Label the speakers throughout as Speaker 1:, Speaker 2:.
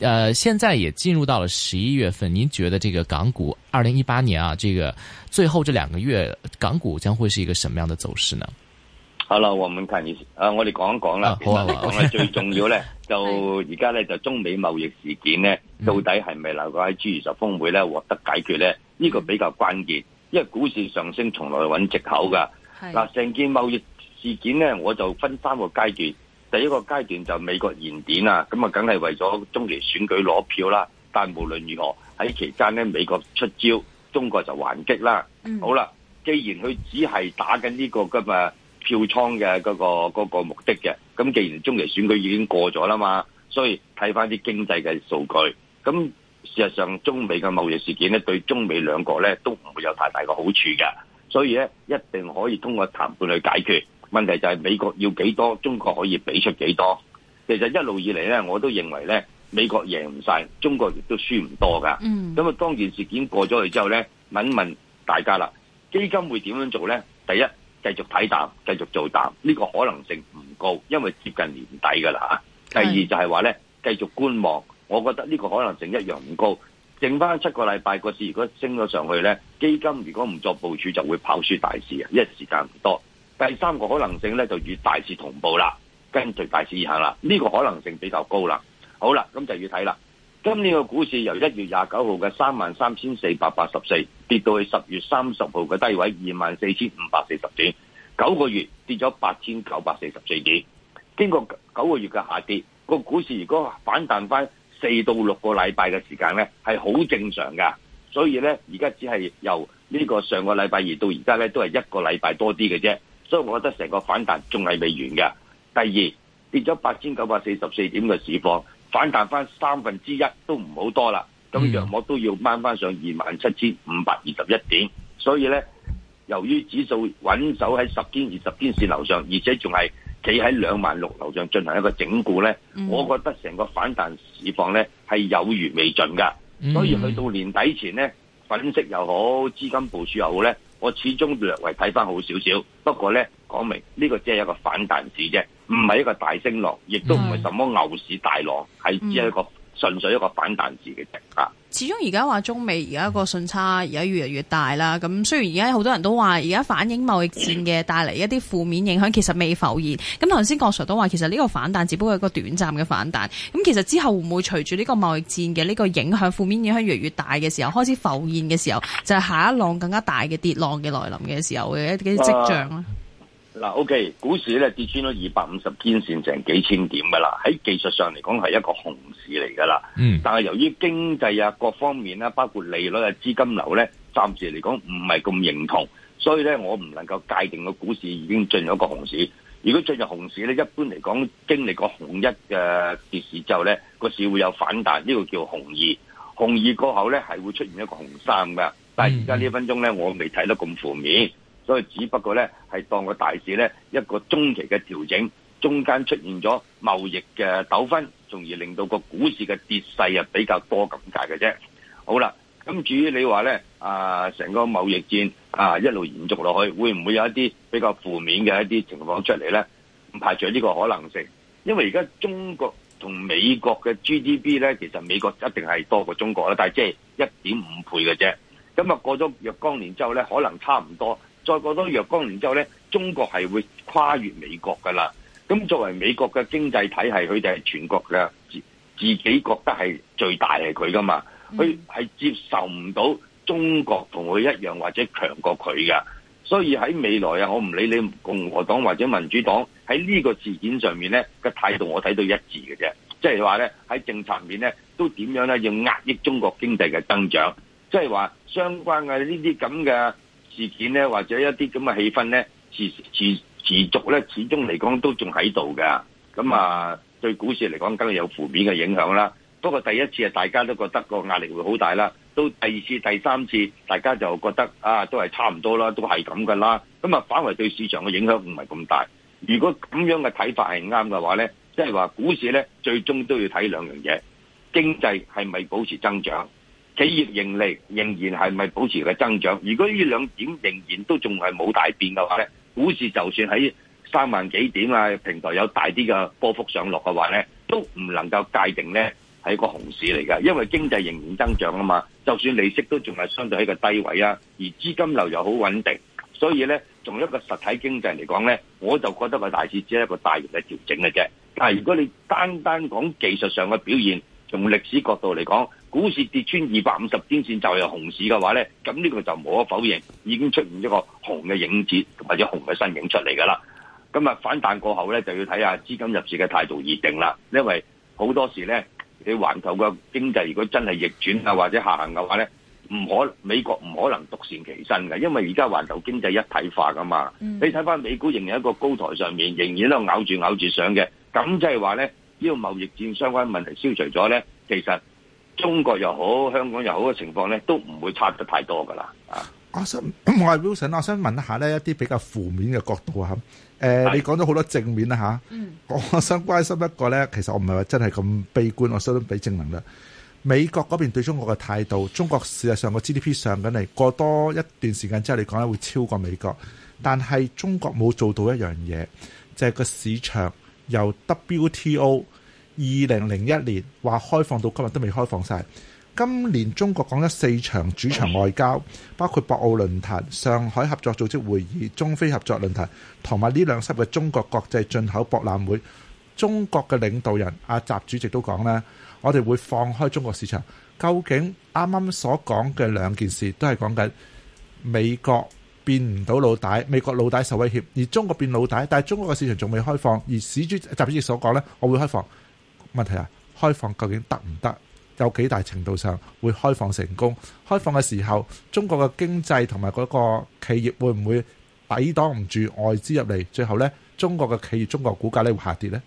Speaker 1: 呃，現在也進入到了十一月份，您覺得這個港股二零一八年啊，這個最後這兩個月港股將會是一個什麼樣的走勢呢？
Speaker 2: 好啦，黃文勤，啊，我哋講一講啦。我我、啊、最重要呢， 就而家呢，就中美貿易事件呢， 到底係咪能夠喺 G 二十峰會呢獲得解決呢？呢、嗯、個比較關鍵，因為股市上升從來揾藉口噶。嗱，成件貿易事件呢，我就分三個階段。第一個階段就美國延點啦，咁啊梗係為咗中期選舉攞票啦。但無論如何喺期間咧，間美國出招，中國就還擊啦。嗯、好啦，既然佢只係打緊呢個咁啊票倉嘅嗰個個目的嘅，咁既然中期選舉已經過咗啦嘛，所以睇翻啲經濟嘅數據，咁事實上中美嘅貿易事件咧，對中美兩國咧都唔會有太大嘅好處嘅，所以咧一定可以通過談判去解決。問題就係美國要幾多，中國可以俾出幾多。其實一路以嚟咧，我都認為咧，美國贏唔晒，中國亦都輸唔多噶。咁啊，當件事件過咗去之後咧，問問大家啦，基金會點樣做咧？第一，繼續睇淡，繼續做淡，呢個可能性唔高，因為接近年底噶啦吓。Mm. 第二就係話咧，繼續觀望。我覺得呢個可能性一樣唔高。剩翻七個禮拜，個市如果升咗上去咧，基金如果唔作部署，就會跑輸大市啊！一時間唔多。第三個可能性咧就與大市同步啦，跟隨大市而行啦，呢個可能性比較高啦。好啦，咁就要睇啦。今年嘅股市由一月廿九號嘅三萬三千四百八十四跌到去十月三十號嘅低位二萬四千五百四十點，九個月跌咗八千九百四十四點。經過九個月嘅下跌，個股市如果反彈翻四到六個禮拜嘅時間咧，係好正常噶。所以咧，而家只係由呢個上個禮拜二到而家咧，都係一個禮拜多啲嘅啫。所以，我覺得成個反彈仲係未完嘅。第二，跌咗八千九百四十四點嘅市況，反彈翻三分之一都唔好多啦。咁若、嗯、我都要掹翻上二萬七千五百二十一點，所以咧，由於指數穩守喺十天二十天線樓上，而且仲係企喺兩萬六樓上進行一個整固咧，嗯、我覺得成個反彈市況咧係有餘未盡噶。所以去到年底前咧，粉飾又好，資金部署又好咧。我始終略為睇翻好少少，不過咧，講明呢個只係一個反彈市啫，唔係一個大升浪，亦都唔係什麼牛市大浪，係只係一個。純粹一個反彈，自己嘅
Speaker 3: 啊。始終而家話中美而家個順差而家越嚟越大啦。咁雖然而家好多人都話而家反映貿易戰嘅帶嚟一啲負面影響，其實未浮現。咁頭先郭 Sir 都話其實呢個反彈只不過係一個短暫嘅反彈。咁其實之後會唔會隨住呢個貿易戰嘅呢個影響負面影響越嚟越大嘅時候開始浮現嘅時候，就係下一浪更加大嘅跌浪嘅來臨嘅時候嘅一啲跡象
Speaker 2: 咧。啊。嗱，OK，股市咧跌穿咗二百五十天線，成幾千點噶啦。喺技術上嚟講係一個熊市嚟噶啦。嗯，但係由於經濟啊各方面咧，包括利率啊、資金流咧，暫時嚟講唔係咁認同，所以咧我唔能夠界定個股市已經進入一個熊市。如果進入熊市咧，一般嚟講經歷過熊一嘅跌市之後咧，個市會有反彈，呢、這個叫熊二。熊二過後咧係會出現一個熊三噶，嗯、但係而家呢一分鐘咧我未睇得咁負面。所以只不過咧，係當個大市咧一個中期嘅調整，中間出現咗貿易嘅糾紛，從而令到個股市嘅跌勢啊比較多咁解嘅啫。好啦，咁至於你話咧啊，成個貿易戰啊一路延續落去，會唔會有一啲比較負面嘅一啲情況出嚟咧？唔排除呢個可能性，因為而家中國同美國嘅 GDP 咧，其實美國一定係多過中國啦，但係即係一點五倍嘅啫。咁啊過咗若干年之後咧，可能差唔多。再過多若干年之後咧，中國係會跨越美國噶啦。咁作為美國嘅經濟體系，佢哋係全國嘅自自己覺得係最大係佢噶嘛，佢係接受唔到中國同佢一樣或者強過佢㗎。所以喺未來啊，我唔理你共和黨或者民主黨喺呢個事件上面咧嘅態度，我睇到一致嘅啫。即係話咧喺政策面咧都點樣咧要壓抑中國經濟嘅增長，即係話相關嘅呢啲咁嘅。事件咧，或者一啲咁嘅氣氛咧，持持持續咧，始終嚟講都仲喺度㗎。咁啊，對股市嚟講，梗係有負面嘅影響啦。不過第一次啊，大家都覺得個壓力會好大啦。到第二次、第三次，大家就覺得啊，都係差唔多啦，都係咁噶啦。咁啊，反為對市場嘅影響唔係咁大。如果咁樣嘅睇法係啱嘅話咧，即係話股市咧，最終都要睇兩樣嘢，經濟係咪保持增長？企業盈利仍然係咪保持嘅增長？如果呢兩點仍然都仲係冇大變嘅話咧，股市就算喺三萬幾點啊，平台有大啲嘅波幅上落嘅話咧，都唔能夠界定咧係一個熊市嚟噶，因為經濟仍然增長啊嘛，就算利息都仲係相對喺個低位啊，而資金流又好穩定，所以咧從一個實體經濟嚟講咧，我就覺得個大市只係一個大型嘅調整嘅啫。但係如果你單單講技術上嘅表現，從歷史角度嚟講，股市跌穿二百五十天線就係、是、熊市嘅話咧，咁呢個就無可否認，已經出現一個熊嘅影子或者咗熊嘅身影出嚟噶啦。咁反彈過後咧，就要睇下資金入市嘅態度而定啦。因為好多時咧，你環球嘅經濟如果真係逆轉啊或者下行嘅話咧，唔可美國唔可能獨善其身嘅，因為而家環球經濟一體化噶嘛。嗯、你睇翻美股仍然喺個高台上面，仍然都咬住咬住上嘅，咁即係話咧，呢、這個貿易戰相關問題消除咗咧，其實。中國又好，香
Speaker 4: 港又好嘅情況咧，都唔會差得太多噶啦啊！我想，唔係 Wilson 我想問一下呢一啲比較負面嘅角度啊。誒、呃，是你講咗好多正面啦嚇，啊嗯、我想關心一個咧，其實我唔係話真係咁悲觀，我想俾正能量。美國嗰邊對中國嘅態度，中國事實上個 GDP 上緊嚟，過多一段時間之後你講咧，會超過美國。但係中國冇做到一樣嘢，就係、是、個市場由 WTO。二零零一年話開放到今日都未開放晒。今年中國講咗四場主場外交，包括博鰲論壇、上海合作組織會議、中非合作論壇同埋呢兩室嘅中國國際進口博覽會。中國嘅領導人阿習主席都講啦：「我哋會放開中國市場。」究竟啱啱所講嘅兩件事都係講緊美國變唔到老大，美國老大受威脅，而中國變老大，但係中國嘅市場仲未開放。而史主習主席所講呢，我會開放。問題啊，開放究竟得唔得？有幾大程度上會開放成功？開放嘅時候，中國嘅經濟同埋嗰個企業會唔會抵擋唔住外資入嚟？最後呢，中國嘅企業、中國股價咧會下跌呢？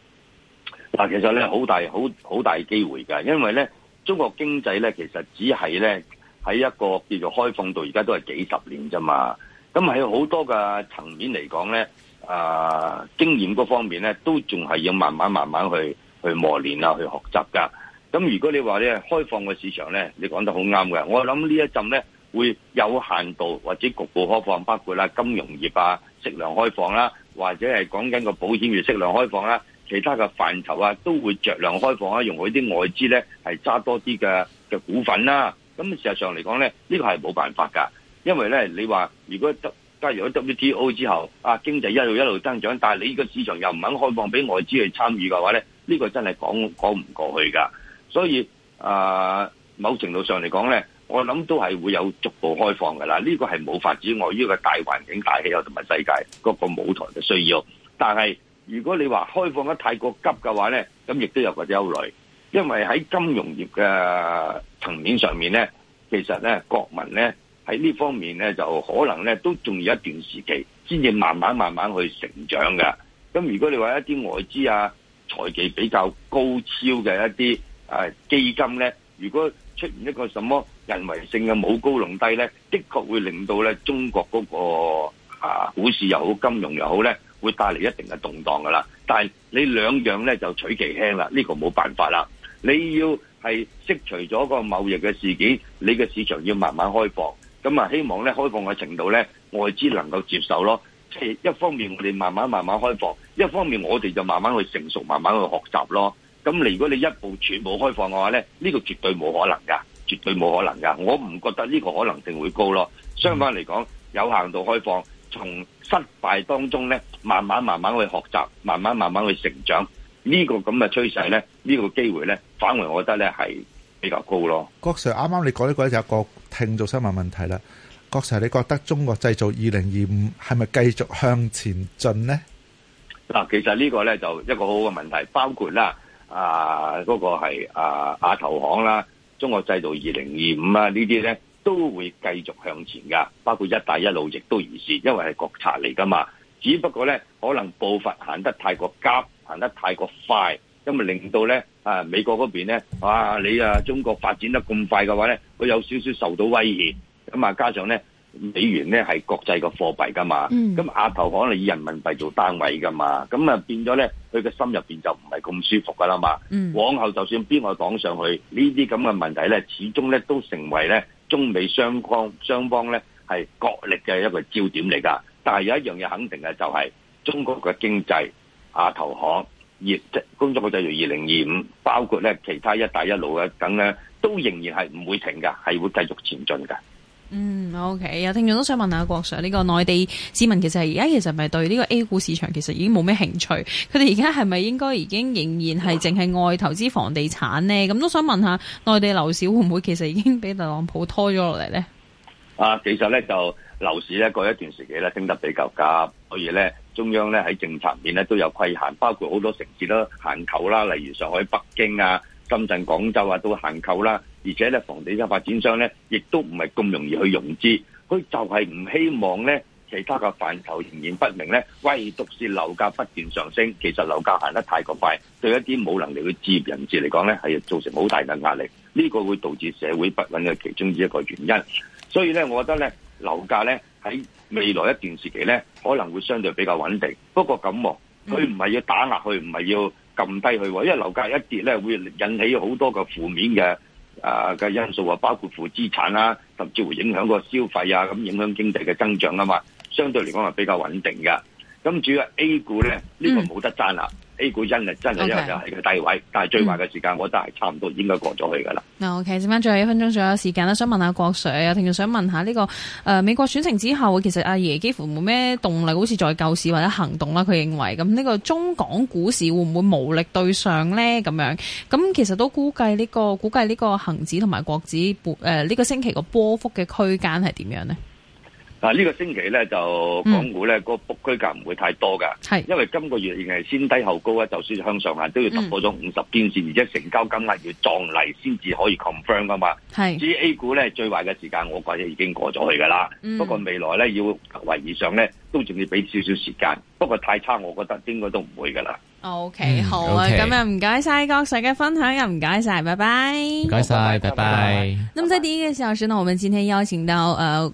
Speaker 2: 嗱，其實咧好大、好好大機會噶，因為呢，中國經濟呢，其實只係呢，喺一個叫做開放到而家都係幾十年啫嘛。咁喺好多嘅層面嚟講呢，啊、呃，經驗嗰方面呢，都仲係要慢慢慢慢去。去磨練啊，去學習噶。咁如果你話你係開放嘅市場咧，你講得好啱嘅。我諗呢一陣咧會有限度或者局部開放，包括啦金融業啊適、啊啊啊、量開放啦、啊，或者係講緊個保險業適量開放啦，其他嘅範疇啊都會着量開放，可用佢啲外資咧係揸多啲嘅嘅股份啦、啊。咁事實上嚟講咧呢、這個係冇辦法噶，因為咧你話如果得加入咗 WTO 之後啊，經濟一路一路增長，但係你呢個市場又唔肯開放俾外資去參與嘅話咧？呢個真係講講唔過去噶，所以啊、呃，某程度上嚟講呢，我諗都係會有逐步開放嘅啦。呢、呢個係冇法子，礙於個大環境、大氣候同埋世界嗰個舞台嘅需要。但係如果你話開放得太過急嘅話呢，咁亦都有個憂慮，因為喺金融業嘅層面上面呢，其實呢國民呢喺呢方面呢，就可能呢都仲要一段時期先至慢慢慢慢去成長嘅。咁如果你話一啲外資啊，財技比較高超嘅一啲誒基金呢，如果出現一個什麼人為性嘅冇高隆低呢，的確會令到呢中國嗰個啊股市又好、金融又好呢，會帶嚟一定嘅動盪噶啦。但係你兩樣呢，就取其輕啦，呢個冇辦法啦。你要係釋除咗個貿易嘅事件，你嘅市場要慢慢開放。咁啊，希望呢開放嘅程度呢，外資能夠接受咯。即係一方面我哋慢慢慢慢開放，一方面我哋就慢慢去成熟，慢慢去學習咯。咁你如果你一步全部開放嘅話咧，呢個絕對冇可能噶，絕對冇可能噶。我唔覺得呢個可能性會高咯。相反嚟講，嗯、有限度開放，從失敗當中咧，慢慢慢慢去學習，慢慢慢慢去成長，呢個咁嘅趨勢咧，呢個機會咧，反為我覺得咧係比較高咯。
Speaker 4: 郭 Sir，啱啱你講呢個就一個聽做新聞問題啦。郭 Sir，你覺得中國製造二零二五係咪繼續向前進呢？
Speaker 2: 嗱，其實呢個呢，就一個好好嘅問題，包括啦，啊嗰、那個係啊亞投行啦，中國製造二零二五啊這些呢啲呢都會繼續向前噶，包括一帶一路亦都如是，因為係國策嚟噶嘛。只不過呢，可能步伐行得太過急，行得太過快，因為令到呢啊美國嗰邊呢，哇、啊、你啊中國發展得咁快嘅話呢，佢有少少受到威脅。咁啊，加上咧，美元咧係國際個貨幣噶嘛，咁亞、嗯、投行係以人民幣做單位噶嘛，咁啊變咗咧，佢個心入面就唔係咁舒服噶啦嘛。嗯、往後就算邊個講上去，呢啲咁嘅問題咧，始終咧都成為咧中美雙方雙方咧係角力嘅一個焦點嚟噶。但係有一樣嘢肯定嘅就係、是、中國嘅經濟，亞投行即工作就際如二零二五，包括咧其他一帶一路嘅等咧，都仍然係唔會停㗎，係會繼續前進㗎。
Speaker 3: 嗯，OK。有聽眾都想問下郭 Sir，呢個內地市民其實係而家其實係咪對呢個 A 股市場其實已經冇咩興趣？佢哋而家係咪應該已經仍然係淨係外投資房地產呢？咁都想問下內地樓市會唔會其實已經俾特朗普拖咗落嚟呢？
Speaker 2: 啊，其實呢，就樓市呢，過一段時期呢，升得比較急，所以呢，中央呢喺政策面呢都有規限，包括好多城市都限購啦，例如上海、北京啊、深圳、廣州啊都限購啦。而且咧，房地產發展商咧，亦都唔係咁容易去融資。佢就係唔希望咧，其他嘅範疇仍然不明咧，唯獨是樓價不斷上升。其實樓價行得太過快，對一啲冇能力嘅置業人士嚟講咧，係造成好大嘅壓力。呢個會導致社會不穩嘅其中一個原因。所以咧，我覺得咧，樓價咧喺未來一段時期咧，可能會相對比較穩定。不過咁、啊，佢唔係要打壓佢，唔係要撳低佢，因為樓價一跌咧，會引起好多個負面嘅。啊嘅因素啊，包括負資產啊，甚至乎影響個消費啊，咁影響經濟嘅增長啊嘛，相對嚟講係比較穩定嘅。咁主要 A 股咧，呢個冇得爭啦。A 股真係真係因為又係低位，Okay. 但係最壞嘅時間、嗯、我覺得係差唔多應該過咗去噶啦。
Speaker 3: 嗱，OK，剩翻最後一分鐘左右時間啦，想問一下郭 Sir 啊，同時想問一下呢、這個誒、呃、美國選情之後其實阿爺幾乎冇咩動力，好似再救市或者行動啦。佢認為咁呢個中港股市會唔會無力對上咧？咁樣咁其實都估計呢、這個估計呢個恆指同埋國指誒呢、呃這個星期個波幅嘅區間係點樣咧？
Speaker 2: 啊！呢、這個星期咧就港股咧、嗯、個幅區間唔會太多噶，係是因為今個月仍係先低後高啊，就算向上行都要突破咗五十天線，嗯、而且成交金額要撞嚟先至可以 confirm 噶嘛。係是至於 A 股咧最壞嘅時間，我覺得已經過咗去噶啦。嗯、不過未來咧要為以上咧都仲要俾少少時間，不過太差我覺得應該都唔會噶啦。
Speaker 3: OK 好啊，咁又唔該晒郭 Sir 嘅分享，又唔該晒，拜拜。唔
Speaker 2: 該晒，拜拜。咁
Speaker 3: 即拜在第一個小時呢，我們今天邀請到誒。呃